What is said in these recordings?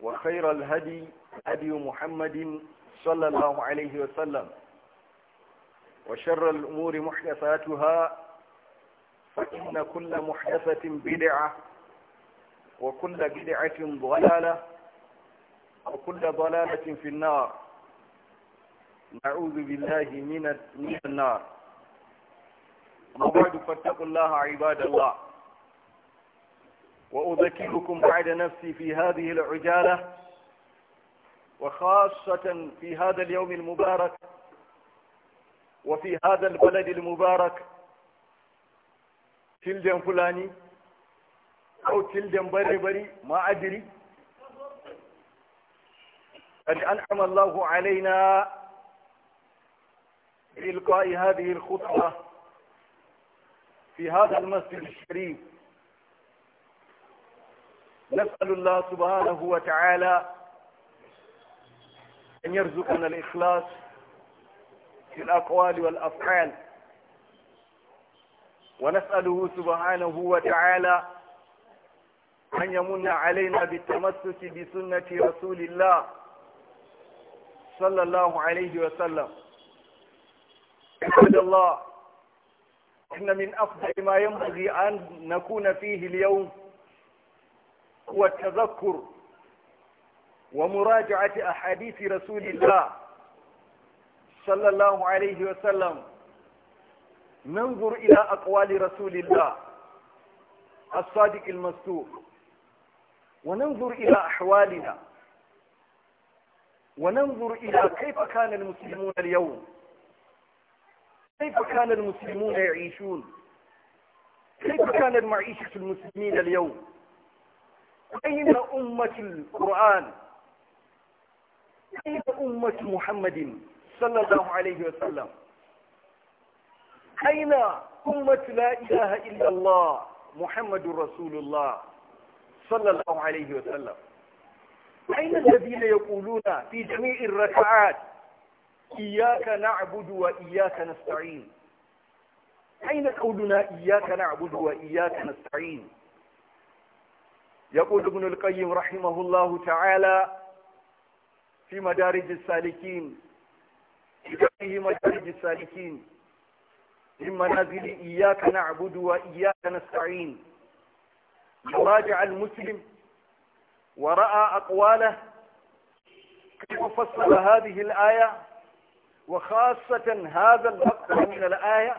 وخير الهدي هدي محمد صلى الله عليه وسلم وشر الأمور محدثاتها فإن كل محدثة بدعة وكل بدعة ضلالة وكل ضلالة في النار نعوذ بالله من النار وبعد فاتقوا الله عباد الله وأذكركم بعد نفسي في هذه العجالة وخاصة في هذا اليوم المبارك وفي هذا البلد المبارك تلدن فلاني أو تلدن بري بري ما أدري قد أنعم الله علينا بإلقاء هذه الخطبة في هذا المسجد الشريف نسأل الله سبحانه وتعالى أن يرزقنا الإخلاص في الأقوال والأفعال ونسأله سبحانه وتعالى أن يمن علينا بالتمسك بسنة رسول الله صلى الله عليه وسلم عباد الله إن من أفضل ما ينبغي أن نكون فيه اليوم هو ومراجعة أحاديث رسول الله صلى الله عليه وسلم ننظر إلى أقوال رسول الله الصادق المصدوق وننظر إلى أحوالنا وننظر إلى كيف كان المسلمون اليوم كيف كان المسلمون يعيشون كيف كانت معيشة المسلمين اليوم أين أمة القرآن أين أمة محمد صلى الله عليه وسلم أين أمة لا إله إلا الله محمد رسول الله صلى الله عليه وسلم أين الذين يقولون في جميع الركعات إياك نعبد وإياك نستعين أين قولنا إياك نعبد وإياك نستعين يقول ابن القيم رحمه الله تعالى في مدارج السالكين في مدارج السالكين من منازل إياك نعبد وإياك نستعين راجع المسلم ورأى أقواله كيف فصل هذه الآية وخاصة هذا المقطع من الآية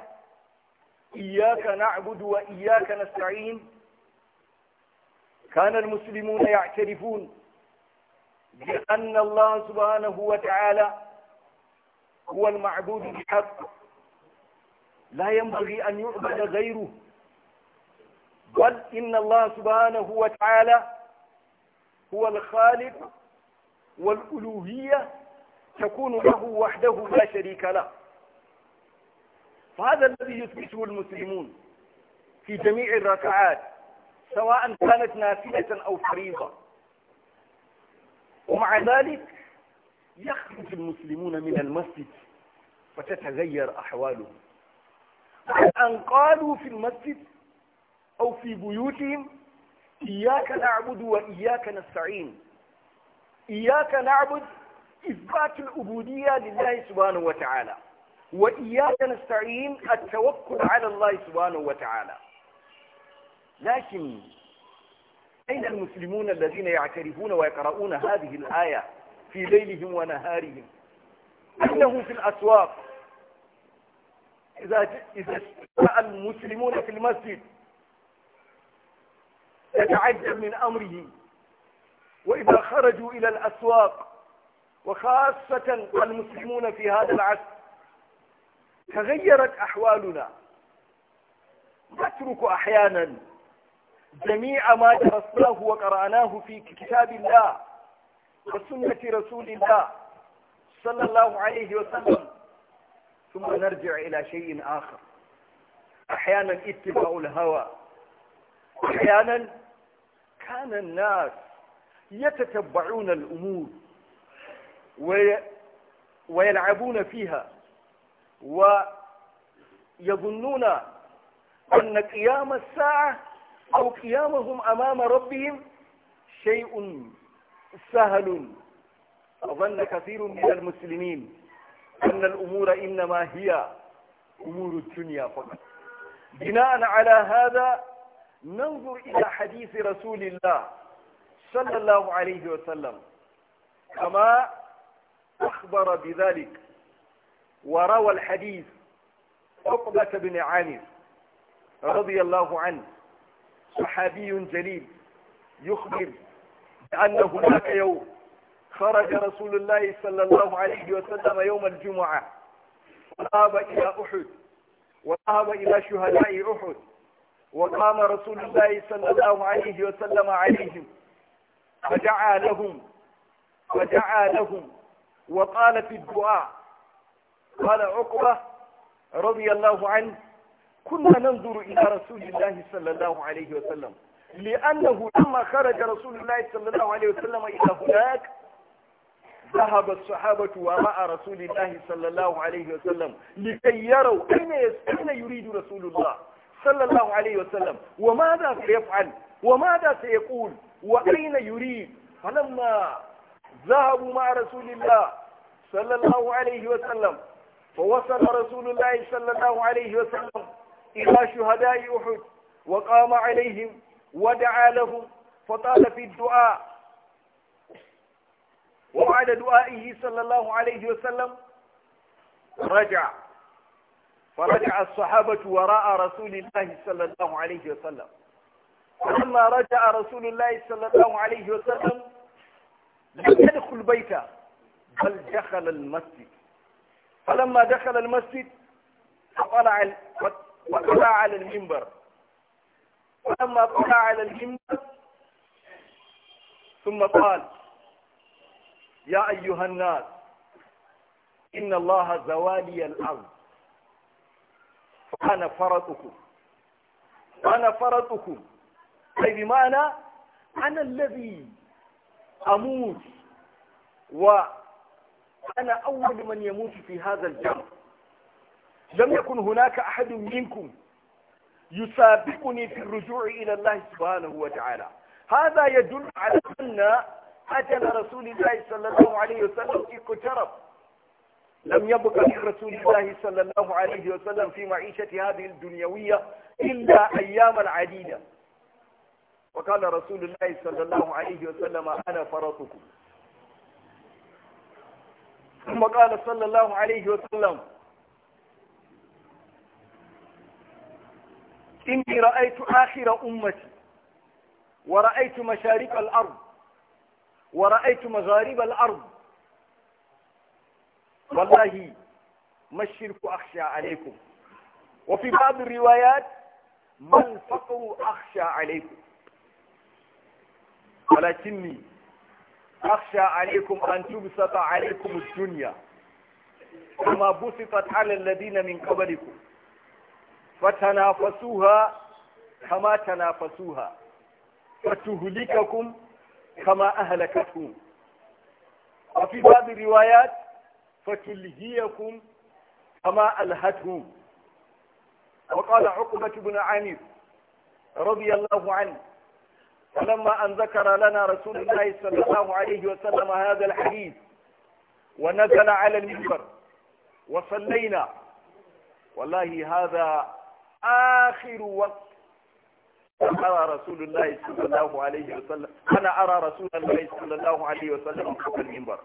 إياك نعبد وإياك نستعين كان المسلمون يعترفون بأن الله سبحانه وتعالى هو المعبود بحق لا ينبغي أن يعبد غيره بل إن الله سبحانه وتعالى هو الخالق والألوهية تكون له وحده لا شريك له فهذا الذي يثبته المسلمون في جميع الركعات سواء كانت نافلة أو فريضة ومع ذلك يخرج المسلمون من المسجد فتتغير أحوالهم أن قالوا في المسجد أو في بيوتهم إياك نعبد وإياك نستعين إياك نعبد إثبات العبودية لله سبحانه وتعالى وإياك نستعين التوكل على الله سبحانه وتعالى لكن أين المسلمون الذين يعترفون ويقرؤون هذه الآية في ليلهم ونهارهم أنهم في الأسواق إذا إذا المسلمون في المسجد يتعجب من أمره وإذا خرجوا إلى الأسواق وخاصة المسلمون في هذا العصر تغيرت أحوالنا نترك أحيانا جميع ما درسناه وقرأناه في كتاب الله وسنة رسول الله صلى الله عليه وسلم ثم نرجع إلى شيء آخر أحيانا اتباع الهوى أحيانا كان الناس يتتبعون الأمور وي ويلعبون فيها ويظنون أن قيام الساعة أو قيامهم أمام ربهم شيء سهل أظن كثير من المسلمين أن الأمور إنما هي أمور الدنيا فقط بناء على هذا ننظر إلى حديث رسول الله صلى الله عليه وسلم كما أخبر بذلك وروى الحديث عقبة بن عامر رضي الله عنه صحابي جليل يخبر بأن هناك يوم خرج رسول الله صلى الله عليه وسلم يوم الجمعة وذهب إلى أحد وذهب إلى شهداء أحد وقام رسول الله صلى الله عليه وسلم عليهم فدعا لهم فدعا لهم وقال في الدعاء قال عقبة رضي الله عنه كنا ننظر إلى رسول الله صلى الله عليه وسلم لأنه لما خرج رسول الله صلى الله عليه وسلم إلى هناك ذهب الصحابة وراء رسول الله صلى الله عليه وسلم لكي يروا أين يريد رسول الله صلى الله عليه وسلم وماذا سيفعل وماذا سيقول وأين يريد فلما ذهبوا مع رسول الله صلى الله عليه وسلم فوصل رسول الله صلى الله عليه وسلم إلى شهداء أحد وقام عليهم ودعا لهم فطال في الدعاء وبعد دعائه صلى الله عليه وسلم رجع فرجع الصحابة وراء رسول الله صلى الله عليه وسلم فلما رجع رسول الله صلى الله عليه وسلم لم يدخل بيته بل دخل المسجد فلما دخل المسجد طلع وطلع على المنبر ولما طلع على المنبر ثم قال يا أيها الناس إن الله زوالي الأرض فأنا فرطكم وانا فرطكم أي بمعنى أنا الذي أموت وأنا أول من يموت في هذا الجمر لم يكن هناك أحد منكم يسابقني في الرجوع إلى الله سبحانه وتعالى هذا يدل على أن أجل رسول الله صلى الله عليه وسلم اقترب لم يبقى لرسول الله صلى الله عليه وسلم في معيشة هذه الدنيوية إلا أياما عديدة وقال رسول الله صلى الله عليه وسلم أنا فرطكم ثم قال صلى الله عليه وسلم إني رأيت آخر أمتي ورأيت مشارق الأرض ورأيت مغارب الأرض والله ما الشرك أخشى عليكم وفي بعض الروايات ما الفقر أخشى عليكم ولكني أخشى عليكم أن تبسط عليكم الدنيا كما بسطت على الذين من قبلكم فتنافسوها كما تنافسوها فتهلككم كما ahlakatkum وفي بعض الروايات فتلهيكم كما ألهتهم وقال عقبة بن عامر رضي الله عنه فلما أن ذكر لنا رسول الله صلى الله عليه وسلم هذا الحديث ونزل على المنبر وصلينا والله هذا آخر وقت أرى رسول الله صلى الله عليه وسلم أنا أرى رسول الله صلى الله عليه وسلم فوق المنبر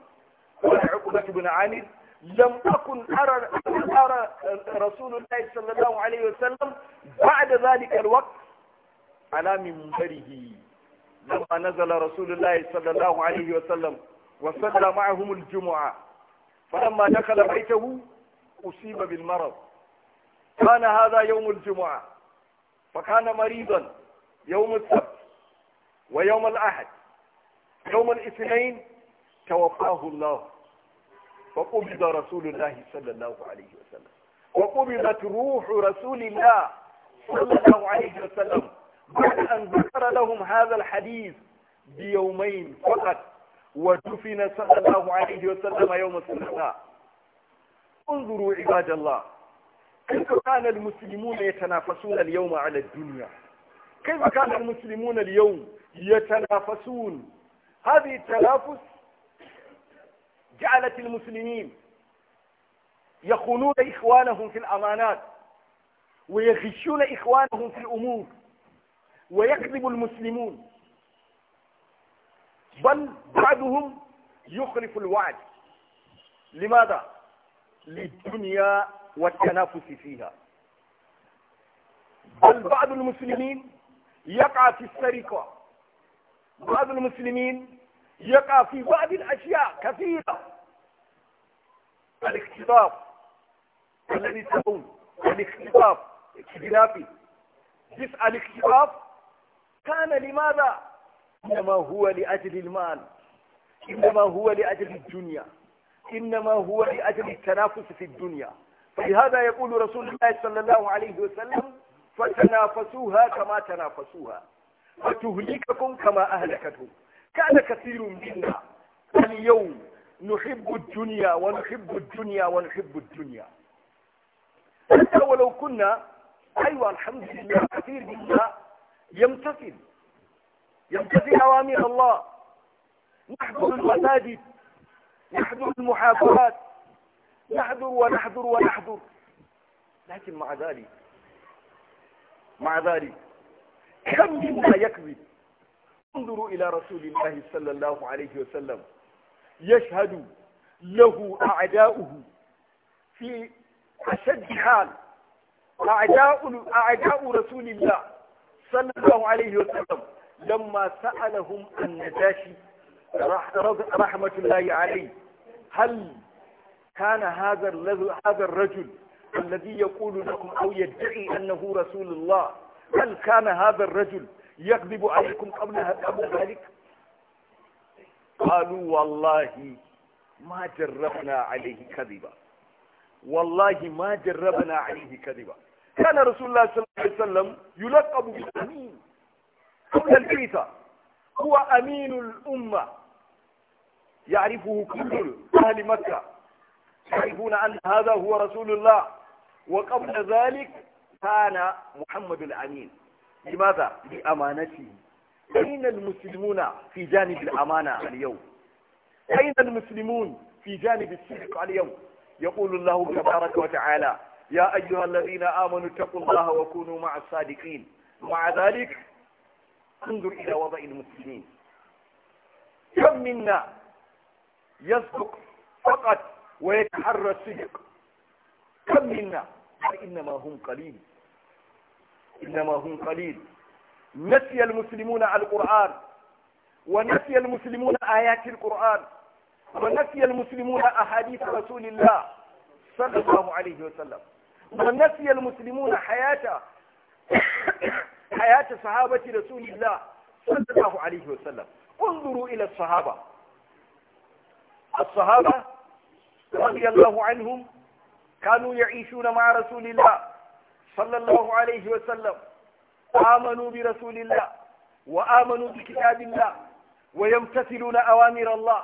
وعقبة بن عامر لم أكن أرى أرى رسول الله صلى الله عليه وسلم بعد ذلك الوقت على منبره لما نزل رسول الله صلى الله عليه وسلم وصلى معهم الجمعة فلما دخل بيته أصيب بالمرض كان هذا يوم الجمعة فكان مريضا يوم السبت ويوم الأحد يوم الاثنين توفاه الله فقبض رسول الله صلى الله عليه وسلم وقبضت روح رسول الله صلى الله عليه وسلم بعد أن ذكر لهم هذا الحديث بيومين فقط ودفن صلى الله عليه وسلم يوم الثلاثاء انظروا عباد الله كيف كان المسلمون يتنافسون اليوم على الدنيا كيف كان المسلمون اليوم يتنافسون هذه التنافس جعلت المسلمين يخونون إخوانهم في الأمانات ويغشون إخوانهم في الأمور ويكذب المسلمون بل بعضهم يخلف الوعد لماذا؟ للدنيا والتنافس فيها بل بعض المسلمين يقع في السرقة بعض المسلمين يقع في بعض الأشياء كثيرة الاختطاف الذي تقول الاختطاف اختلافي جزء الاختطاف كان لماذا؟ إنما هو لأجل المال إنما هو لأجل الدنيا إنما هو لأجل التنافس في الدنيا ولهذا يقول رسول الله صلى الله عليه وسلم فتنافسوها كما تنافسوها فتهلككم كما أهلكتهم كان كثير منا اليوم نحب الدنيا ونحب الدنيا ونحب الدنيا حتى ولو كنا أيوة الحمد لله كثير منا يمتثل يمتثل أوامر الله نحضر المساجد نحضر المحافظات نحضر ونحضر ونحضر لكن مع ذلك مع ذلك كم مما يكذب انظروا إلى رسول الله صلى الله عليه وسلم يشهد له أعداؤه في أشد حال أعداء أعداء رسول الله صلى الله عليه وسلم لما سألهم النجاشي رحمة الله عليه هل كان هذا هذا الرجل الذي يقول لكم أو يدعي أنه رسول الله هل كان هذا الرجل يكذب عليكم قبل قبل ذلك قالوا والله ما جربنا عليه كذبا والله ما جربنا عليه كذبا كان رسول الله صلى الله عليه وسلم يلقب بالأمين قبل البعثة هو أمين الأمة يعرفه كل أهل مكة يعرفون أن هذا هو رسول الله وقبل ذلك كان محمد الأمين لماذا؟ لأمانته أين المسلمون في جانب الأمانة اليوم؟ أين المسلمون في جانب الصدق اليوم؟ يقول الله تبارك وتعالى يا أيها الذين آمنوا اتقوا الله وكونوا مع الصادقين مع ذلك انظر إلى وضع المسلمين كم منا يصدق فقط ويتحرى الصدق كم منا فإنما هم قليل إنما هم قليل نسي المسلمون القرآن ونسي المسلمون آيات القرآن ونسي المسلمون أحاديث رسول الله صلى الله عليه وسلم ونسي المسلمون حياة حياة صحابة رسول الله صلى الله عليه وسلم انظروا إلى الصحابة الصحابة رضي الله عنهم كانوا يعيشون مع رسول الله صلى الله عليه وسلم آمنوا برسول الله وآمنوا بكتاب الله ويمتثلون أوامر الله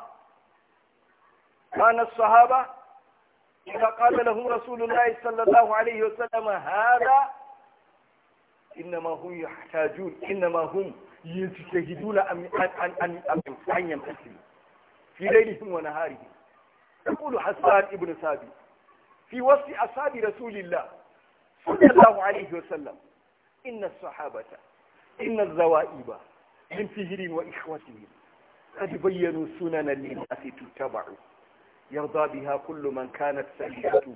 كان الصحابة إذا قال لهم رسول الله صلى الله عليه وسلم هذا إنما هم يحتاجون إنما هم يجتهدون أن أن أن أن يمتثلوا في ليلهم ونهارهم يقول حسان ابن ثابت في وصف أصحاب رسول الله صلى الله عليه وسلم إن الصحابة إن الزوائب من فهر وإخوتهم قد بينوا سننا للناس تتبع يرضى بها كل من كانت سيئته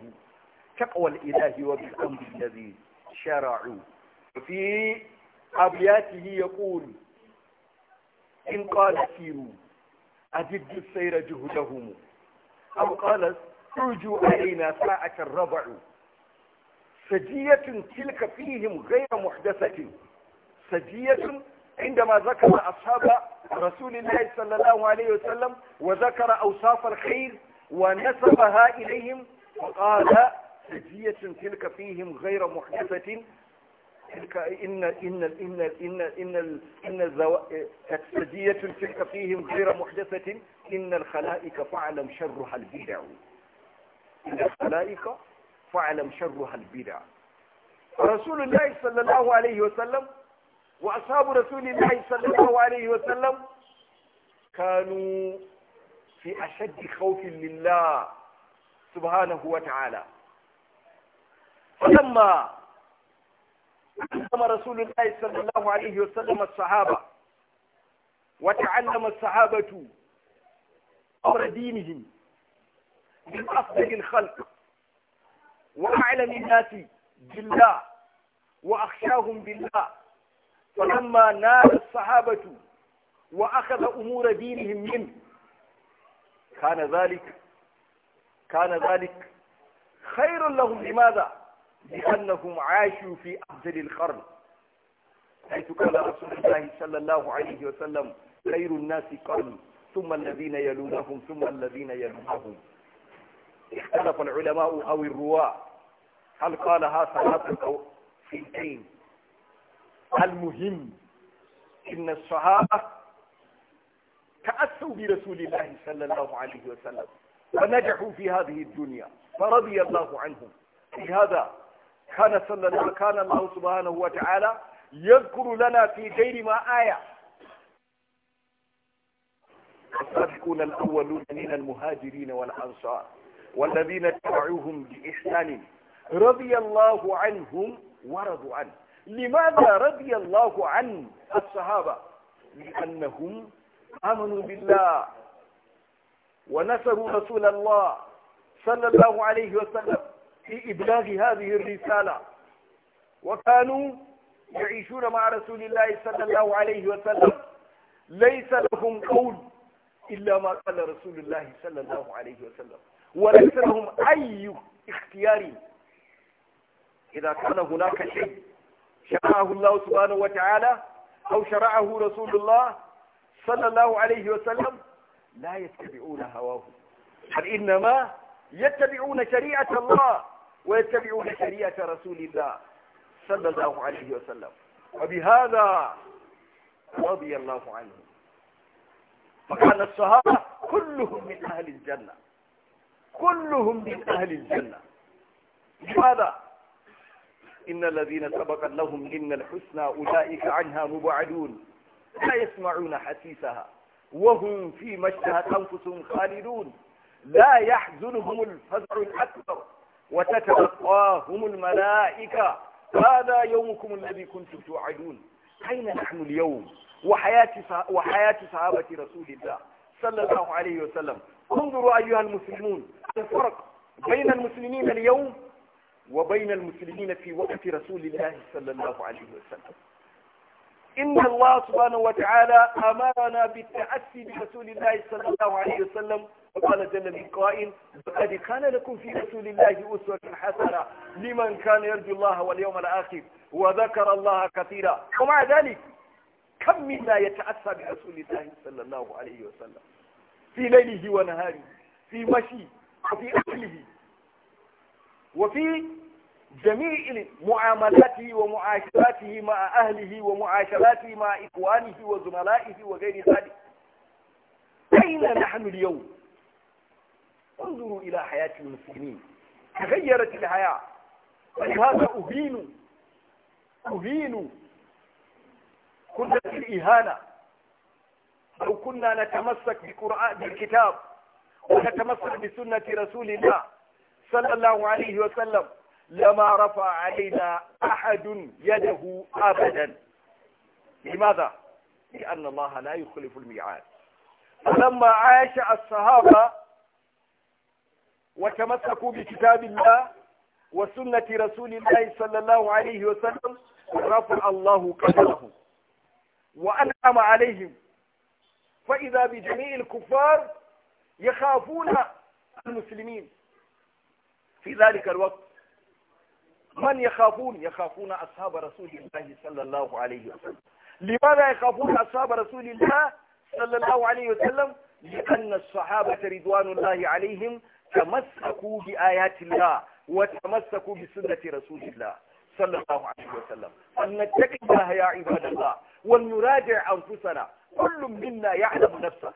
تقوى الإله وبالأمر الذي شرعوا وفي أبياته يقول إن قال سيروا أجد السير جهدهم أو قالت ارجو علينا ساعة الرضع سجية تلك فيهم غير محدثة سجية عندما ذكر أصحاب رسول الله صلى الله عليه وسلم وذكر أوصاف الخير ونسبها إليهم وقال سجية تلك فيهم غير محدثة تلك إن إن إن إن إن إن السجية تلك فيهم غير محدثة إن الخلائق فاعلم شرها البدع إن الخلائق فاعلم شرها البدع رسول الله صلى الله عليه وسلم وأصحاب رسول الله صلى الله عليه وسلم كانوا في أشد خوف لله سبحانه وتعالى فلما علم رسول الله صلى الله عليه وسلم الصحابة وتعلم الصحابة أمر دينهم من أفضل الخلق وأعلم الناس بالله وأخشاهم بالله فلما نال الصحابة وأخذ أمور دينهم منه كان ذلك كان ذلك خير لهم لماذا؟ لأنهم عاشوا في أفضل القرن حيث قال رسول الله صلى الله عليه وسلم خير الناس قرني ثم الذين يلونهم ثم الذين يلونهم اختلف العلماء أو الرواة هل قالها ثلاثة أو اثنتين المهم إن الصحابة تأسوا برسول الله صلى الله عليه وسلم ونجحوا في هذه الدنيا فرضي الله عنهم لهذا كان صلى الله كان الله سبحانه وتعالى يذكر لنا في غير ما آية السابقون الأولون من المهاجرين والأنصار والذين تبعوهم بإحسان رضي الله عنهم ورضوا عنه لماذا رضي الله عن الصحابة لأنهم آمنوا بالله ونصروا رسول الله صلى الله عليه وسلم في إبلاغ هذه الرسالة وكانوا يعيشون مع رسول الله صلى الله عليه وسلم ليس لهم قول إلا ما قال رسول الله صلى الله عليه وسلم وليس لهم أي اختيار إذا كان هناك شيء شرعه الله سبحانه وتعالى أو شرعه رسول الله صلى الله عليه وسلم لا يتبعون هواه بل إنما يتبعون شريعة الله ويتبعون شريعة رسول الله صلى الله عليه وسلم وبهذا رضي الله عنه فكان الصحابة كلهم من أهل الجنة كلهم من أهل الجنة لماذا؟ إن الذين سبق لهم إن الحسنى أولئك عنها مبعدون لا يسمعون حسيسها وهم في اشتهت أنفسهم خالدون لا يحزنهم الفزع الأكبر وتتلقاهم الملائكة هذا يومكم الذي كنتم توعدون أين نحن اليوم؟ وحياة وحياة صحابة رسول الله صلى الله عليه وسلم انظروا أيها المسلمون الفرق بين المسلمين اليوم وبين المسلمين في وقت رسول الله صلى الله عليه وسلم إن الله سبحانه وتعالى أمرنا بالتأسي برسول الله صلى الله عليه وسلم وقال جل من قائل لقد كان لكم في رسول الله أسوة حسنة لمن كان يرجو الله واليوم الآخر وذكر الله كثيرا ومع ذلك كم منا يتأسى برسول الله صلى الله عليه وسلم في ليله ونهاره في مشي وفي أكله وفي جميع معاملاته ومعاشراته مع أهله ومعاشراته مع إخوانه وزملائه وغير ذلك أين نحن اليوم انظروا إلى حياة المسلمين تغيرت الحياة ولهذا أهين أهين كنا في الإهانة لو كنا نتمسك بقرآن بالكتاب ونتمسك بسنة رسول الله صلى الله عليه وسلم لما رفع علينا أحد يده أبدا لماذا؟ لأن الله لا يخلف الميعاد فلما عاش الصحابة وتمسكوا بكتاب الله وسنة رسول الله صلى الله عليه وسلم رفع الله قدرهم وأنعم عليهم فإذا بجميع الكفار يخافون المسلمين في ذلك الوقت من يخافون يخافون أصحاب رسول الله صلى الله عليه وسلم لماذا يخافون أصحاب رسول الله صلى الله عليه وسلم لأن الصحابة رضوان الله عليهم تمسكوا بآيات الله وتمسكوا بسنة رسول الله صلى الله عليه وسلم أن نتقي الله يا عباد الله ولنراجع أنفسنا كل منا يعلم نفسه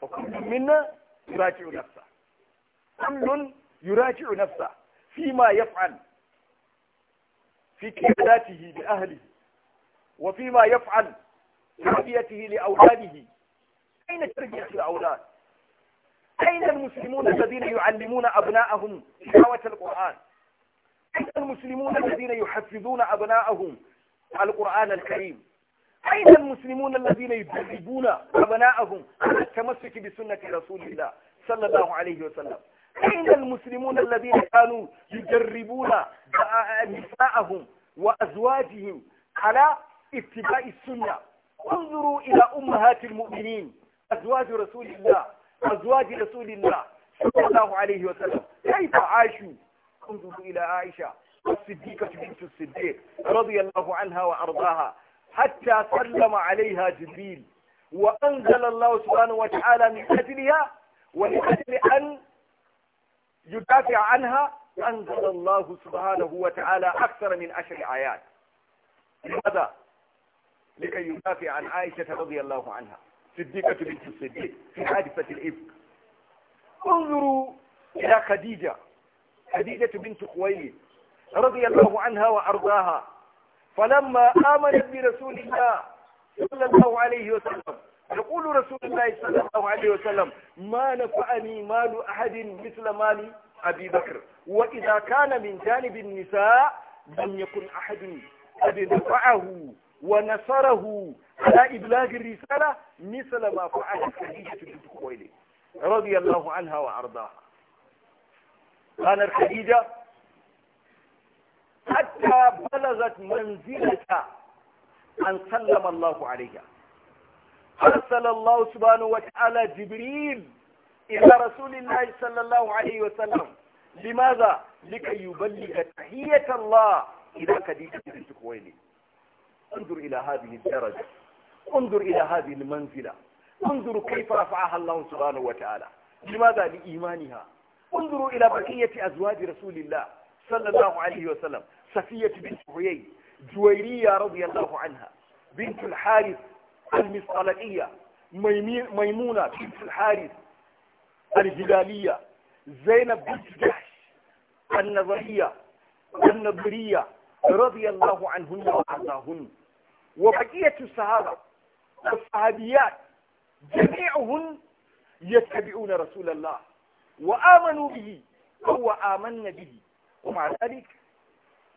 وكل منا يراجع نفسه كل يراجع نفسه فيما يفعل في قياداته لأهله وفيما يفعل تربيته لأولاده أين تربية الأولاد؟ أين المسلمون الذين يعلمون أبناءهم تلاوة القرآن؟ أين المسلمون الذين يحفظون أبناءهم القرآن الكريم أين المسلمون الذين يدربون أبناءهم على التمسك بسنة رسول الله صلى الله عليه وسلم أين المسلمون الذين كانوا يجربون نساءهم وأزواجهم على اتباع السنة انظروا إلى أمهات المؤمنين أزواج رسول الله أزواج رسول الله صلى الله عليه وسلم كيف عاشوا انظروا إلى عائشة الصديقة بنت الصديق رضي الله عنها وأرضاها حتى سلم عليها جبريل وأنزل الله سبحانه وتعالى من أجلها ولأجل أن يدافع عنها أنزل الله سبحانه وتعالى أكثر من عشر آيات لماذا؟ لكي يدافع عن عائشة رضي الله عنها صديقة بنت الصديق في حادثة الإفك انظروا إلى خديجة خديجة بنت خويلد رضي الله عنها وأرضاها فلما آمنت برسول الله صلى الله عليه وسلم يقول رسول الله صلى الله عليه وسلم ما نفعني مال أحد مثل مال أبي بكر وإذا كان من جانب النساء لم يكن أحد قد نفعه ونصره على إبلاغ الرسالة مثل ما فعلت خديجة بنت خويلد رضي الله عنها وأرضاها ranar Khadija hatta balagat manzilata an sallama Allahu alayha har sallallahu subhanahu wa ta'ala Jibril ila rasulillahi sallallahu alayhi wa sallam limadha likay yuballigha tahiyyat Allah ila Khadija bint Khuwaylid انظر الى هذه الدرجة انظر الى هذه المنزلة انظر كيف رفعها الله سبحانه وتعالى لماذا لإيمانها انظروا إلى بقية أزواج رسول الله صلى الله عليه وسلم صفية بنت حيي جويرية رضي الله عنها بنت الحارث المصطلقية ميمونة بنت الحارث الهلالية زينب بنت جحش النظرية النظرية رضي الله عنهن وعنهن وبقية الصحابة والصحابيات جميعهن يتبعون رسول الله وآمنوا به أو آمنا به ومع ذلك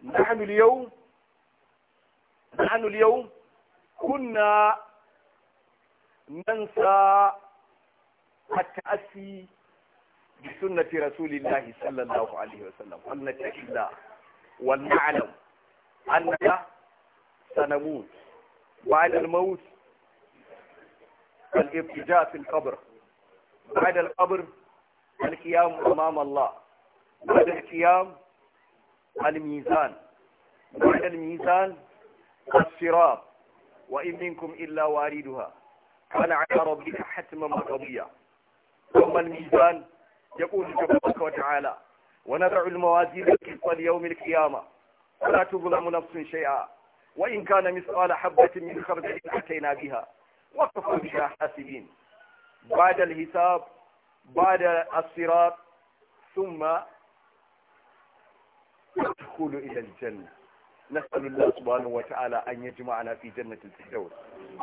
نحن اليوم نحن اليوم كنا ننسى التأسي بسنة رسول الله صلى الله عليه وسلم ولنتقي ونعلم أننا سنموت بعد الموت الابتجاء في القبر بعد القبر القيام أمام الله بعد القيام الميزان بعد الميزان الصراط وإن منكم إلا واردها كان على ربك حتما مقضيا ثم الميزان يقول تبارك وتعالى ونضع الموازين القسط ليوم القيامة فلا تظلم نفس شيئا وإن كان مثقال حبة من خردل أتينا بها وقفوا بها حاسبين بعد الحساب بعد الصراط ثم تدخل إلى الجنة نسأل الله سبحانه وتعالى أن يجمعنا في جنة الفردوس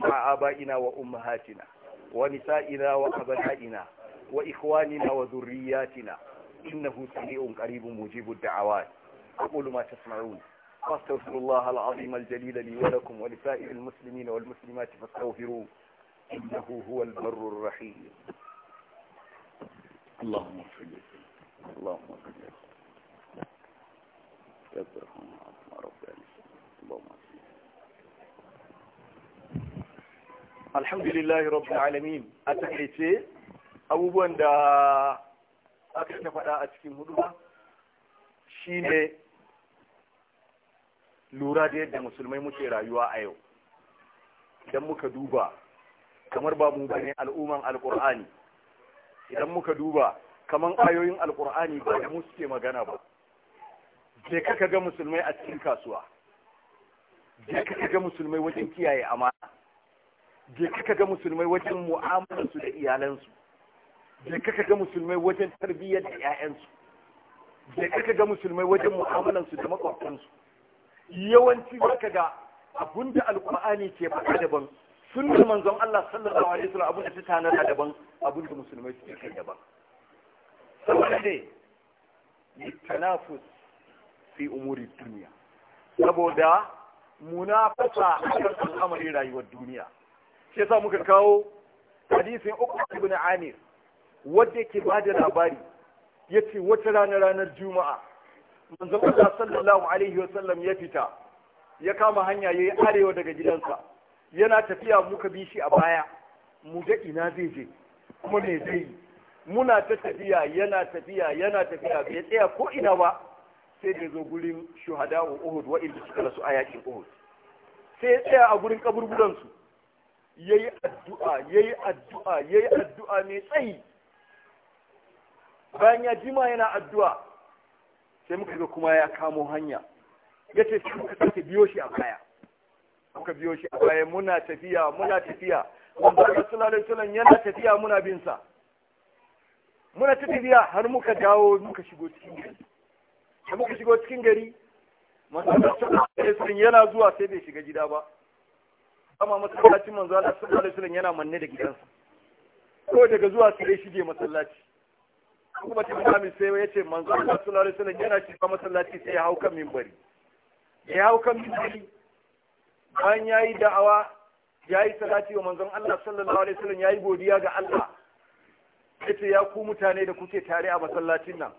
مع آبائنا وأمهاتنا ونسائنا وأبنائنا وإخواننا وذرياتنا إنه سميع قريب مجيب الدعوات أقول ما تسمعون فاستغفر الله العظيم الجليل لي ولكم ولسائر المسلمين والمسلمات فاستغفروه إنه هو البر الرحيم اللهم اغفر لي اللهم اغفر لي يا rabbil alamin a takaice abubuwan da aka ta faɗa a cikin huduma shine lura da yadda musulmai muke rayuwa a yau idan muka duba kamar babu bane al'umman alkur'ani idan muka duba kaman ayoyin alkur'ani ba da mu suke magana ba je ka ga musulmai a cikin kasuwa je ka ga musulmai wajen kiyaye amana je ka ga musulmai wajen mu'amalarsu da iyalansu je ka ga musulmai wajen tarbiyyar da 'ya'yansu je ka ga musulmai wajen mu'amalarsu da makwabtansu yawanci zaka ga abinda alkur'ani ke faɗa da daban sunnar manzon Allah sallallahu alaihi wasallam abin da ta tanada daban abin da musulmai suke kai daban saboda ne tanafus fi umuri duniya saboda munafasa akan al'amarin rayuwar duniya shi yasa muka kawo hadisin uku ibn amir wanda yake ba da labari yace wata rana ranar juma'a manzon Allah sallallahu alaihi wasallam ya fita ya kama hanya yayi arewa daga gidansa yana tafiya muka bi shi a baya mu da ina zai je kuma me zai yi muna ta tafiya yana tafiya yana tafiya bai tsaya ko ina ba sai da zo gurin shuhada wa Uhud wa'inda suka rasu a yakin Uhud sai ya tsaya a gurin kaburburan su yayi addu'a yayi addu'a yayi addu'a mai tsayi bayan ya jima yana addu'a sai muka ga kuma ya kamo hanya yace sai muka sake biyo shi a baya muka biyo shi a baya muna tafiya muna tafiya wanda sallallahu alaihi wasallam yana tafiya muna bin sa muna tafiya har muka dawo muka shigo cikin gari da muka shigo cikin gari masallacin yana zuwa sai bai shiga gida ba amma masallacin manzo Allah sallallahu alaihi yana manne da gidansa ko daga zuwa sai ya shige masallaci kuma ta imami sai ya ce manzo Allah sallallahu alaihi yana shiga masallaci sai ya hau kan minbari ya hau kan minbari bayan yayi da'awa yayi salati wa manzon Allah sallallahu alaihi wasallam yayi godiya ga Allah yace ya ku mutane da kuke tare a masallacin nan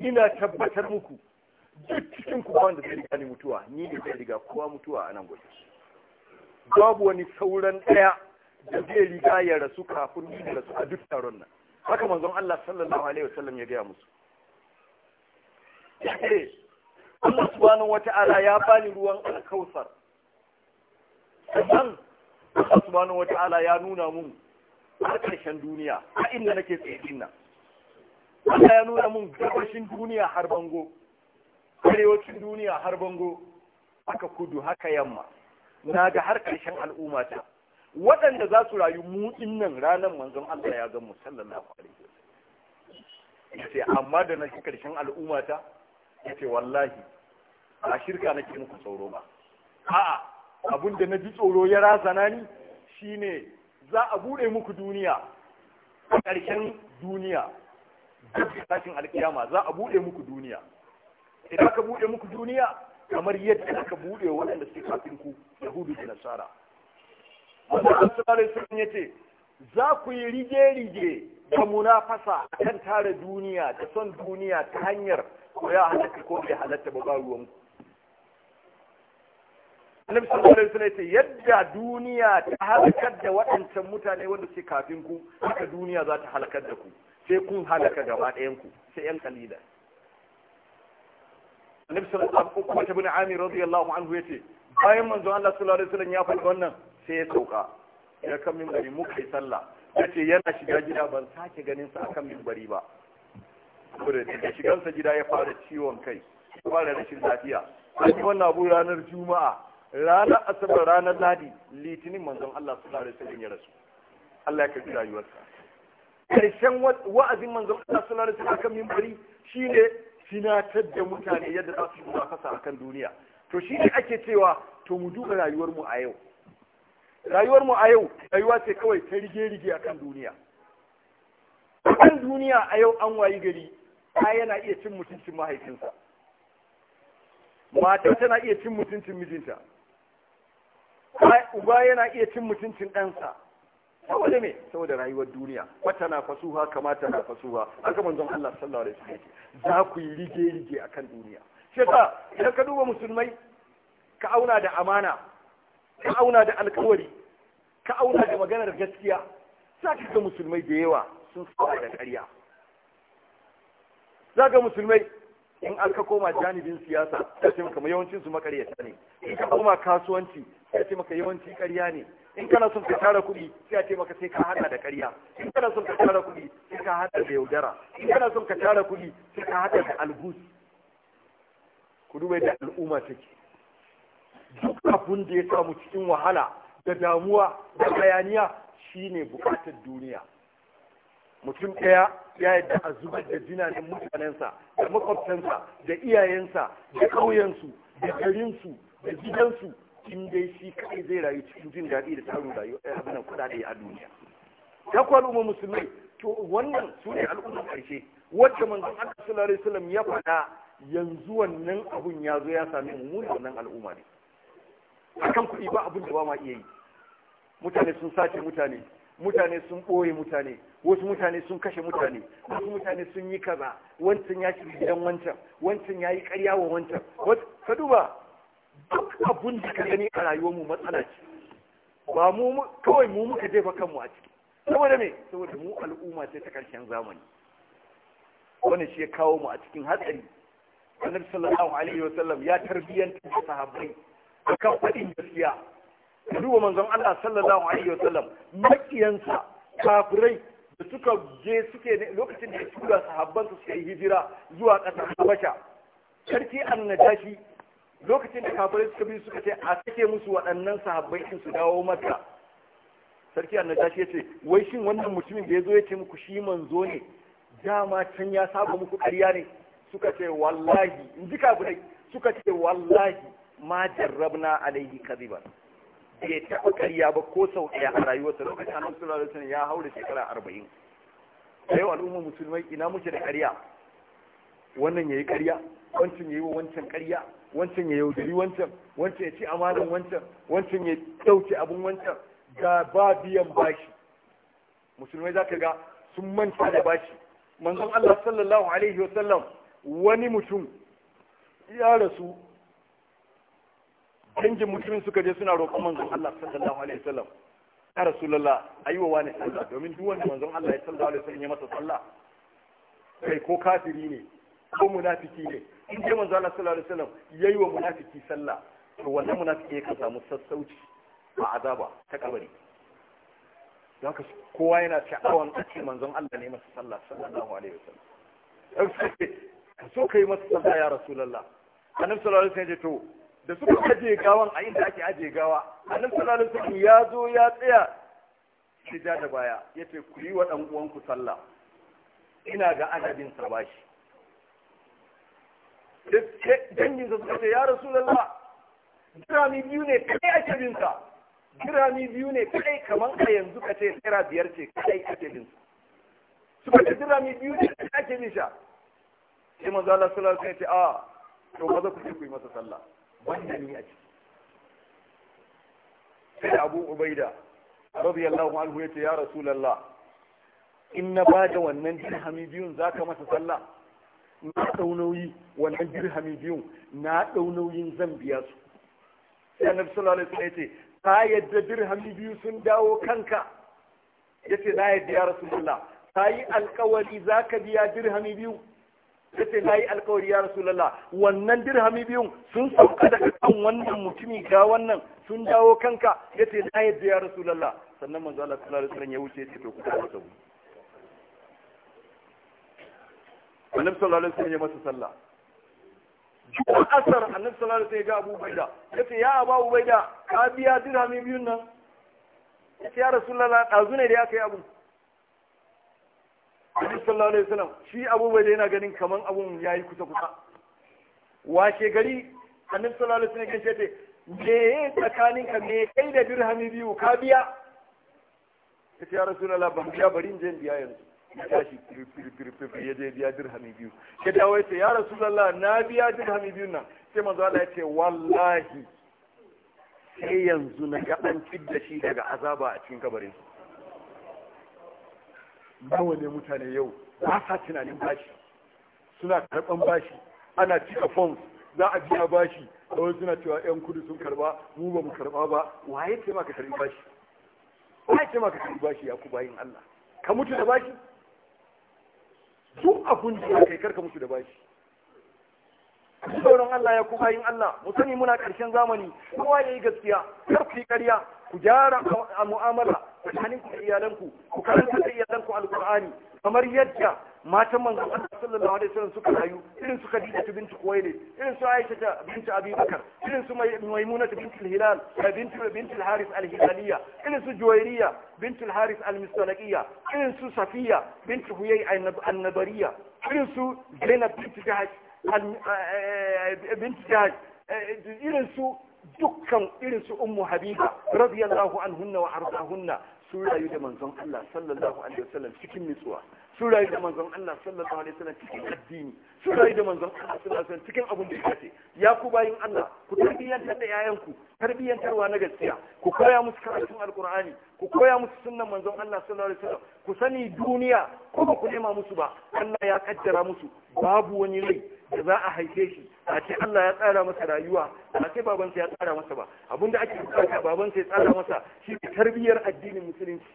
ina tabbatar muku duk cikin ku wanda zai riga ni mutuwa ni ne zai riga kowa mutuwa a nan gobe babu wani sauran daya da zai riga ya rasu kafin ni rasu a duk taron nan haka manzon Allah sallallahu alaihi wasallam ya gaya musu Allah subhanahu wata'ala ya bani ruwan alkausar sannan Allah wata ala ya nuna mun har ƙarshen duniya a inda nake tsaye nan Allah ya nuna mun gabashin duniya har bango arewacin duniya har bango aka kudu haka yamma na ga har ƙarshen ta, waɗanda za su rayu mu nan ranar manzon Allah ya ga mu alaihi wasallam sai amma da nake ƙarshen al'ummata yace wallahi a shirka nake muku tsoro ba a'a abun da na ji tsoro ya razana ni shine za a bude muku duniya a ƙarshen duniya duk tashin alkiyama za a bude muku duniya idan aka bude muku duniya kamar yadda aka bude waɗanda suke kafin ku yahudu da nasara Allah sun ya ce za ku yi rige-rige da munafasa kan tara duniya da son duniya ta hanyar ko ya halatta ko bai halatta ba ruwanku annabi sallallahu alaihi wasallam yace yadda duniya ta halakar da waɗancan mutane wanda suke kafin ku haka duniya za ta halakar da ku sai kun halaka gaba ɗayan ku sai yan kalida annabi sallallahu alaihi wasallam ibn amir radiyallahu anhu yace bayan manzon Allah sallallahu alaihi wasallam ya faɗi wannan sai ya sauka ya kan minbari mu yi sallah yace yana shiga gida ban sake ganin sa akan minbari ba saboda da shigansa gida ya fara ciwon kai ya fara rashin lafiya an yi wannan abu ranar juma'a ranar asabar ranar ladi litinin manzon Allah sallallahu alaihi wasallam ya rasu Allah ya karbi rayuwarsa karshen wa'azin manzon Allah su alaihi wasallam kan shi shine sinatar da mutane yadda za su a akan duniya to shi ne ake cewa to mu duba rayuwar mu a yau rayuwar mu a yau rayuwa ce kawai ta rige rige akan duniya akan duniya a yau an wayi gari ta yana iya cin mutuncin mahaifinsa mata tana iya cin mutuncin mijinta uba yana iya cin mutuncin ɗansa saboda me saboda rayuwar duniya wata na fasuha kamata na fasuha aka manzon Allah sallallahu alaihi wasallam za ku yi rige rige kan duniya sai ka idan ka duba musulmai ka auna da amana ka auna da alkawari ka auna da maganar gaskiya za ka ga musulmai da yawa sun fara da ƙarya za ga musulmai in an ka koma janibin siyasa sai ce maka yawancin su makaryata ne in ka koma kasuwanci sai ce maka yawanci ƙarya ne in kana son ka tara kuɗi sai a ce maka sai ka hada da ƙarya in kana son ka tara kuɗi sai ka hada da yaudara in kana son ka tara kuɗi sai ka hada da albus ku duba da al'umma take duk abun da ya samu cikin wahala da damuwa da bayaniya shine bukatar duniya mutum ɗaya ya yadda a zubar da jinanin mutanensa da makwabtansa da iyayensa da ƙauyensu da garinsu da gidansu in dai shi kai zai rayu cikin jin daɗi da tarin rayuwa eh, abinan kuɗaɗe a duniya ta kwaluma musulmai to wannan su ne al'ummar ƙarshe wacce manzon Allah sallallahu alaihi wasallam ya faɗa yanzu wannan abun ya zo ya sami mu wannan al'umma ne akan kuɗi ba abun da ba ma iya yi mutane sun sace mutane mutane sun ɓoye mutane wasu mutane sun kashe mutane wasu mutane sun yi kaza wancan ya shiga gidan wancan wancan ya yi karya wa wancan ka duba duk abun da ka gani a rayuwarmu matsala ce ba mu kawai mu muka jefa kanmu a ciki saboda me saboda mu al'umma ce ta karshen zamani wani shi ya kawo mu a cikin hatsari annabi sallallahu alaihi wasallam ya tarbiyyanta sahabbai akan faɗin gaskiya duba manzon Allah sallallahu alaihi wasallam makiyansa kafirai da suka je suke ne lokacin da tura sahabban su suka yi hijira zuwa ƙasar Habasha sarki annajashi lokacin da kafirai suka bi suka ce a sake musu waɗannan sahabbai din su dawo makka? sarki annajashi yace wai shin wannan mutumin da yazo ya ce muku shi manzo ne dama can ya saba muku ƙarya ne suka ce wallahi in ji kafirai suka ce wallahi ma jarrabna alaihi kadiban ya taɓa ƙarya ba ko sau ɗaya a rayuwarsa lokacin annabi sallallahu alaihi wasallam ya haura shekara arba'in a yau al'ummar musulmai ina muke da ƙarya wannan yayi ƙarya wancan yayi wa wancan ƙarya wancan ya yaudari wancan wancan ya ci amanan wancan wancan ya ɗauke abin wancan ga ba biyan bashi musulmai za ka ga sun manta da bashi manzon Allah sallallahu alaihi wasallam wani mutum ya rasu dangin mutumin suka je suna roƙon manzon Allah sallallahu alaihi wasallam ya rasulullah ayi wa wani sallah domin duk wanda manzon Allah ya sallallahu alaihi wasallam ya masa sallah kai ko kafiri ne ko munafiki ne in je manzon Allah sallallahu alaihi wasallam yayi wa munafiki sallah to wannan munafiki ya samu sassauci a azaba ta kabari don ka kowa yana sha'awan a ce manzon Allah ne masa sallah sallallahu alaihi wasallam so kai masa sallah ya rasulullah annabi sallallahu alaihi wasallam ya ce to da suka ajiye gawan a inda ake ajiye gawa annabi sallallahu alaihi wasallam ya zo ya tsaya shi da baya yace ku yi wa dan uwanku sallah ina ga adabin sa bashi dangin sa suka ce ya rasulullah dirami biyu ne kai ake bin sa dirami biyu ne kai kamar a yanzu ka ce tsira biyar ce kai ake bin sa suka ce dirami biyu ne kai ake bin sa sai manzo Allah sallallahu alaihi wasallam ya ce a ah, to maza ku ku yi masa sallah Wannan ne a ciki sai da abu ubaida radiyallahu anhu yace ya rasulullah in na ba da wannan dirhami biyun zaka masa sallah na dau nauyi wannan dirhami biyun na dau nauyin zan biya su sai annabi sallallahu alaihi wasallam yace ka yadda dirhami biyu sun dawo kanka yace na yadda ya rasulullah ka yi alkawari zaka biya dirhami biyu yace nayi alkawari ya rasulullah wannan dirhami biyun sun sauka daga kan wannan mutumi ga wannan sun dawo kanka yace na yadda ya rasulullah sannan manzo Allah sallallahu alaihi wasallam ya wuce yace to ku tafi sabu annabi sallallahu alaihi wasallam ya masa sallah juma'a asar a sallallahu alaihi wasallam ya ga Abu Baida yace ya Abu Baida ka biya dirhami biyun nan yace ya rasulullah dazu ne da ya kai abu sallallahu alaihi wasallam shi bai da yana ganin kaman abun yayi kusa kusa washe gari annabi sallallahu alaihi wasallam ya ce me tsakanin ka me kai da dirhami biyu ka biya ta ya ya rasulullah ban biya bari in je biya yanzu ya tashi firfirfirfir ya je biya dirhami biyu ya dawo ya ce ya rasulullah na biya dirhami biyu nan sai manzo Allah ya ce wallahi sai yanzu na ga an fidda shi daga azaba a cikin kabarin su nawa ne mutane yau ba sa tunanin bashi suna karban bashi ana cika forms za a biya bashi kawai suna cewa yan kudu sun karba mu ba mu karba ba waye ce maka karbi bashi waye ce maka karbi bashi ya ku bayin Allah ka mutu da bashi duk abun da kai karka mutu da bashi sauran Allah ya ku bayin Allah mu sani muna karshen zamani kowa yayi gaskiya kar ƙarya كجارة مؤامرة كحنك إيالنكو كحنك إيالنكو على القرآن فمر يجا ما تمن الله صلى الله عليه وسلم سكر هايو إن سكر ديجة بنت خويلد إن سو عائشة بنت أبي بكر إن سو ميمونة بنت الهلال بنت بنت الحارث الهلالية إن سو جويرية بنت الحارث المستلقية إن سو صفية بنت هوي النبرية إن سو زينب بنت جهش بنت جهش إن سو dukkan irin su ummu habiba radiyallahu anhunna wa arzahunna sun rayu da manzon Allah sallallahu alaihi wasallam cikin nutsuwa sun rayu da manzon Allah sallallahu alaihi wasallam cikin addini sun rayu da manzon Allah sallallahu alaihi wasallam cikin abin da ya ce ya ku bayin Allah ku tarbiyyantar da yayanku tarbiyyantarwa na gaskiya ku koya musu karatun alqur'ani ku koya musu sunnan manzon Allah sallallahu alaihi wasallam ku sani duniya ko ba ku nema musu ba Allah ya kaddara musu babu wani rai da za a haife shi a ce Allah ya tsara masa rayuwa ba sai babansa ya tsara masa ba da ake bukata babansa ya tsara masa shi tarbiyyar addinin musulunci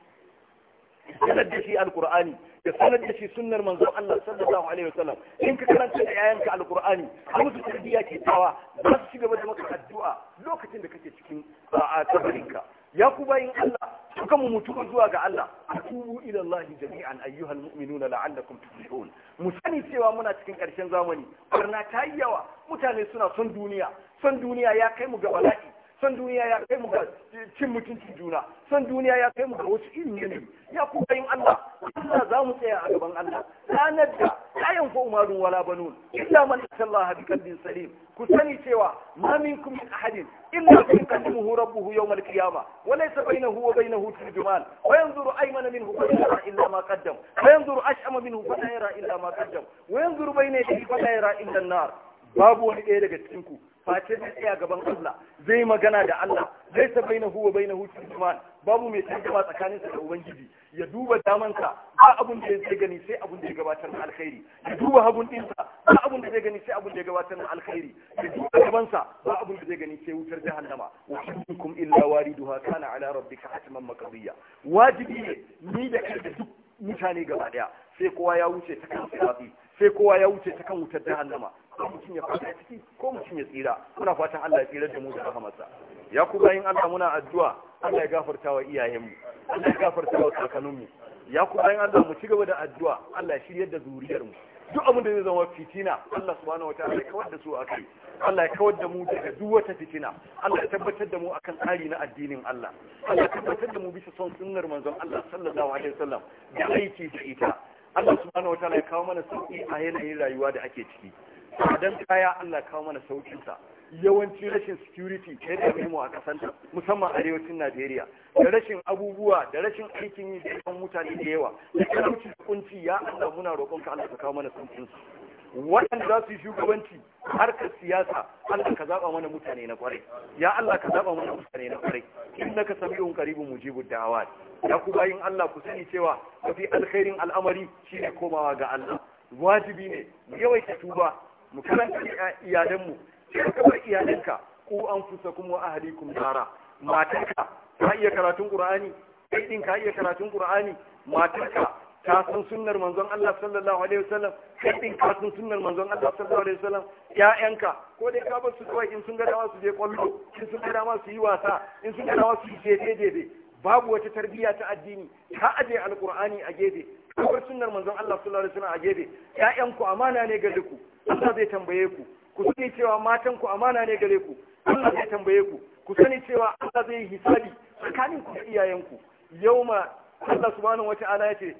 sanar da shi alkur'ani da sanar da shi sunnar manzo Allah sallallahu alaihi wasallam in ka karanta da yayanka alkur'ani a musu tarbiyya ke tawa za su ci gaba da maka addu'a lokacin da kake cikin ba'a tabarinka ya ku bayin Allah dukan mu mutu zuwa ga Allah atubu ila Allah jami'an ayyuhal mu'minuna la'allakum tuflihun mu sani cewa muna cikin ƙarshen zamani barna ta yi yawa mutane suna son duniya son duniya ya kai mu ga bala'i son duniya ya kai mu ga cin mutuncin juna son duniya ya kai mu ga wasu ilimin. ya ku bayin Allah Allah za mu tsaya a gaban Allah ranar da la yanfa Umaru, wala banun illa man atallaha bi qalbin salim ku sani cewa ma minkum min ahadin illa sayqadimuhu rabbuhu yawm al-qiyamah wa laysa bainahu wa bainahu turjuman wa yanzuru aymana minhu fa yara illa ma qaddam wa yanzuru ash'ama minhu fa yara illa ma qaddam wa yanzuru bayna yadayhi fa yara illa an-nar babu wani ɗaya daga cikin ku face zai tsaya gaban Allah zai yi magana da Allah zai sa na huwa bai na hutu turjuman babu mai tantama tsakanin sa da ubangiji ya duba damansa ba abun da zai gani sai abun da ya gabatar na alkhairi ya duba hagun dinsa ba abun da zai gani sai abun da ya gabatar na alkhairi ya duba sa ba abun da zai gani sai wutar jahannama wa kullukum illa wariduha kana ala rabbika hatman maqdiya wajibi ne ni da kai da duk mutane gaba daya sai kowa ya wuce ta kan sai kowa ya wuce ta kan wutar jahannama ko mutum ya fada ciki ko mutum ya tsira muna fatan Allah ya tsira da mu da rahamarsa ya kuma yin Allah muna addu'a Allah ya gafarta wa iyayenmu Allah ya gafarta wa kakanninmu ya kuma yin Allah mu ci gaba da addu'a Allah ya shiryar da zuriyarmu duk abin da zai zama fitina Allah subhanahu wataala ya kawar da su akai Allah ya kawar da mu daga duk wata fitina Allah ya tabbatar da mu akan tsari na addinin Allah Allah ya tabbatar da mu bisa son sunnar manzon Allah sallallahu alaihi wasallam da aiki da ita Allah subhanahu wataala ya kawo mana sauki a yanayin rayuwa da ake ciki dan kaya Allah kawo mana saukin sa yawancin rashin security ta da mu a kasan musamman arewacin Najeriya da rashin abubuwa da rashin aikin yi da yawan mutane da yawa da talauci da kunci ya Allah muna roƙon ka Allah ka kawo mana saukin sa waɗanda za su yi shugabanci harkar siyasa Allah ka zaɓa mana mutane na kwarai ya Allah ka zaɓa mana mutane na kwarai innaka sami'un qaribun mujibud da'awat ya ku bayin Allah ku sani cewa kafi alkhairin al'amari shine komawa ga Allah wajibi ne yawaita tuba mu karanta iyalanmu sai ka bar iyalanka ku kuma wa ahlikum nara matarka ta iya karatun qur'ani kai din ka iya karatun qur'ani matarka ta san sunnar manzon Allah sallallahu alaihi wasallam kai din ka san sunnar manzon Allah sallallahu alaihi wasallam ƴaƴanka ko dai ka bar su kawai in sun ga dawa su je kwallo in sun ga dawa su yi wasa in sun ga dawa su yi dede babu wata tarbiyya ta addini ta aje alqur'ani a gefe ko sunnar manzon Allah sallallahu alaihi wasallam a gefe ƴaƴanku amana ne ga duku Allah zai tambaye ku ku sani cewa matan ku amana ne gare ku Allah zai tambaye ku ku sani cewa Allah zai hisabi tsakanin ku da iyayen ku yauma Allah subhanahu wata'ala yace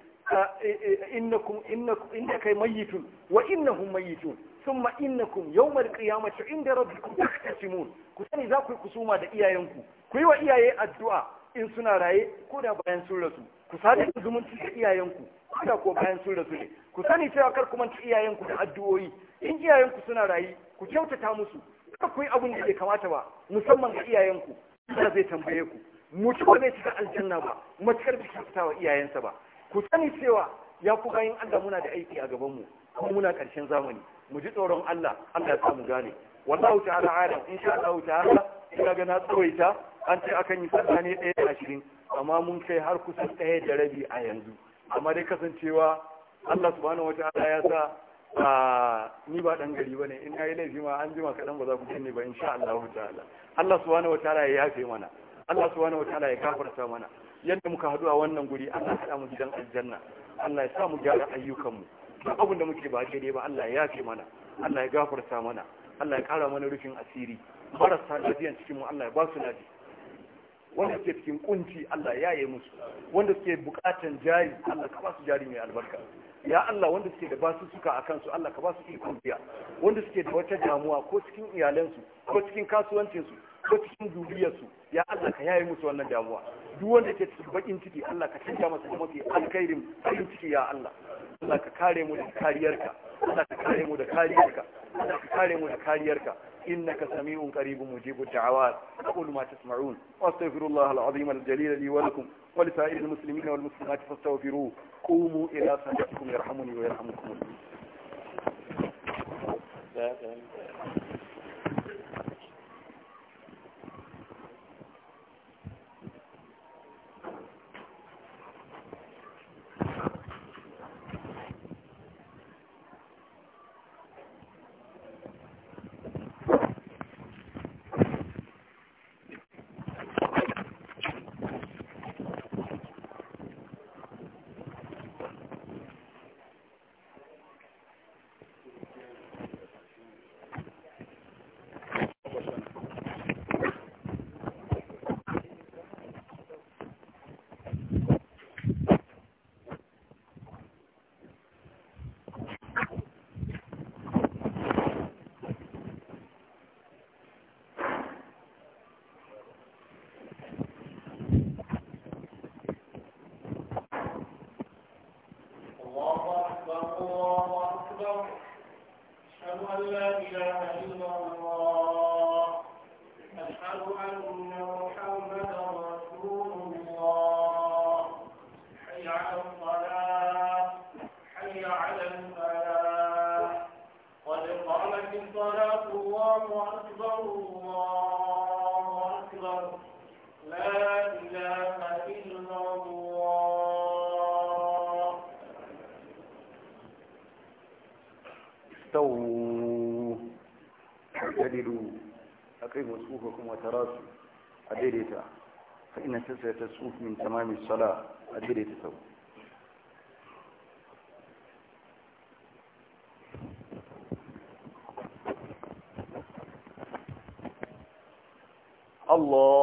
e, e, innakum innakum innaka mayitun wa innahum mayitun thumma innakum yawma alqiyamati inda rabbikum taktasimun ku sani za ku yi kusuma da iyayenku. ku yi wa iyaye addu'a in suna raye ko da bayan sun rasu ku sadar da zumunci da iyayenku ku ko bayan sun rasu ne ku sani cewa kar ku manta iyayenku da addu'oyi in iyayenku suna rayu ku kyautata musu kada ku yi abin da bai kamata ba musamman ga iyayenku Allah zai tambaye ku mutum ba zai shiga aljanna ba matukar bai kyautata wa iyayensa ba ku sani cewa ya ku bayin Allah muna da aiki a gaban mu kuma muna karshen zamani mu ji tsoron Allah Allah ya samu gane wallahu ta'ala alam insha Allah ta'ala ina ga na tsawaita an ce akan yi sallah ne da ashirin amma mun kai har kusan ɗaya da rabi a yanzu amma dai kasancewa Allah subhanahu wa ta'ala ya sa ni ba dan gari bane in yi laifi ma an jima kaɗan ba za ku kenne ba insha Allah ta'ala Allah subhanahu ta'ala ya yafe mana Allah subhanahu ta'ala ya kafarta mana yadda muka haɗu a wannan guri Allah ya mu gidan aljanna Allah ya sa mu gyara ayyukanmu duk abin da muke ba daidai ba Allah ya yafe mana Allah ya gafarta mana Allah ya kara mana rufin asiri marasa lafiyan cikin mu Allah ya ba su lafiya wanda suke cikin kunci Allah ya yi musu wanda suke bukatan jari Allah ka ba su jari mai albarka ya Allah wanda suke da basu suka a kansu Allah ka basu ikon biya wanda suke da wata damuwa ko cikin iyalansu ko cikin kasuwancinsu ko cikin zuriyarsu ya Allah ka yaye musu wannan damuwa duk wanda ke cikin bakin ciki Allah ka canja masa da mafi alkhairin bakin ciki ya Allah Allah ka kare mu da kariyarka Allah ka kare mu da kariyarka Allah ka kare mu da kariyarka إنك سميع قريب مجيب الدعوات أقول ما تسمعون وأستغفر الله العظيم الجليل لي ولكم ولسائر المسلمين والمسلمات فاستغفروه قوموا إلى صلاتكم يرحمني ويرحمكم الله الله أكبر أشهد أن لا إله إلا وأقيموا صفوفكم وتراسوا أدريتا فإن تسعة الصفوف من تمام الصلاة أدريتا تو الله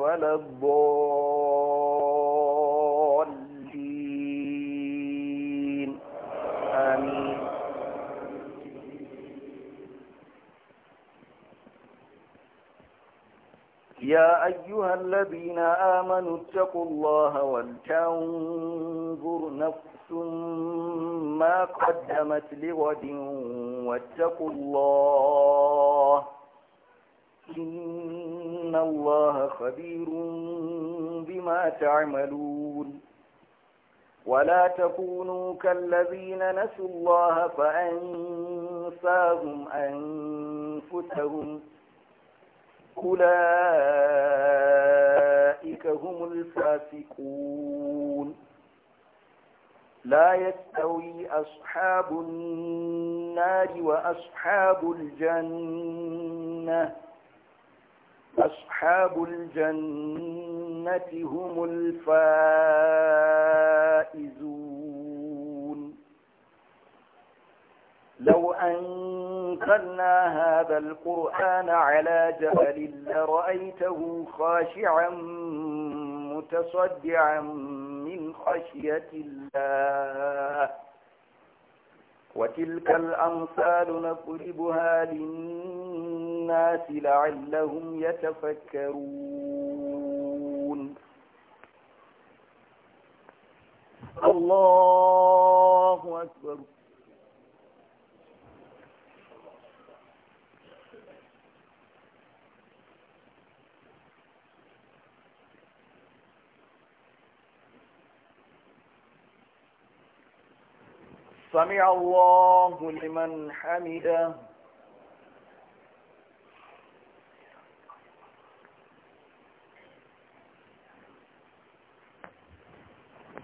ولا الضالين آمين يا أيها الذين آمنوا اتقوا الله ولتنظر نفس ما قدمت لغد واتقوا الله إن إن الله خبير بما تعملون ولا تكونوا كالذين نسوا الله فأنساهم أنفسهم أولئك هم الفاسقون لا يستوي أصحاب النار وأصحاب الجنة أصحاب الجنة هم الفائزون لو أنقلنا هذا القرآن على جبل لرأيته خاشعا متصدعا من خشية الله وتلك الأمثال نقربها للناس الناس لعلهم يتفكرون الله أكبر سمع الله لمن حمده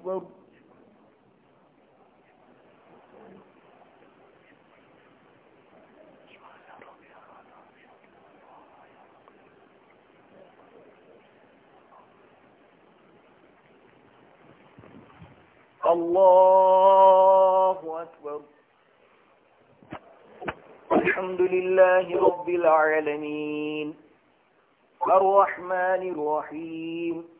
أكبر الله أكبر الحمد لله رب العالمين الرحمن الرحيم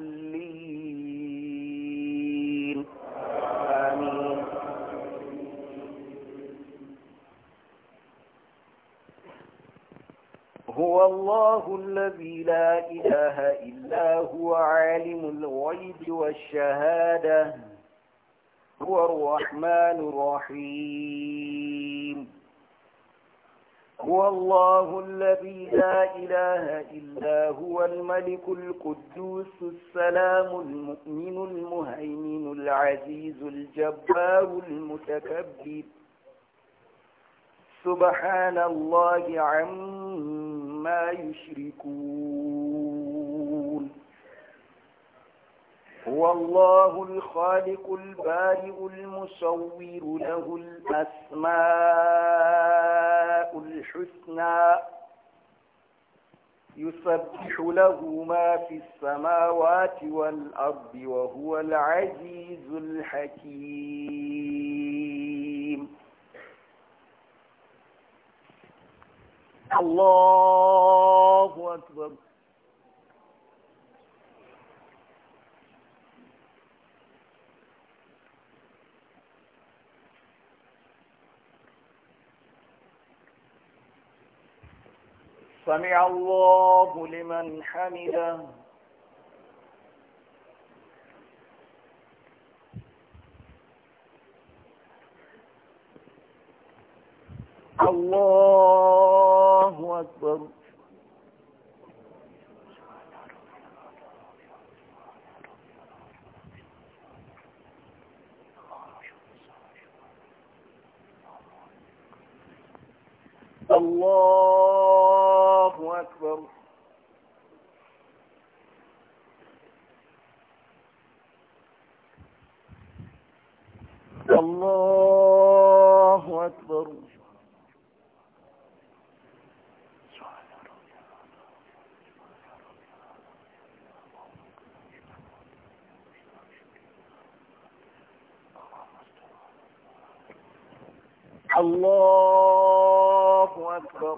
هو الله الذي لا إله إلا هو عالم الغيب والشهادة هو الرحمن الرحيم هو الله الذي لا إله إلا هو الملك القدوس السلام المؤمن المهيمن العزيز الجبار المتكبر سبحان الله عما ما يشركون هو الله الخالق البارئ المصور له الأسماء الحسنى يسبح له ما في السماوات والأرض وهو العزيز الحكيم الله أكبر سمع الله لمن حمده الله أكبر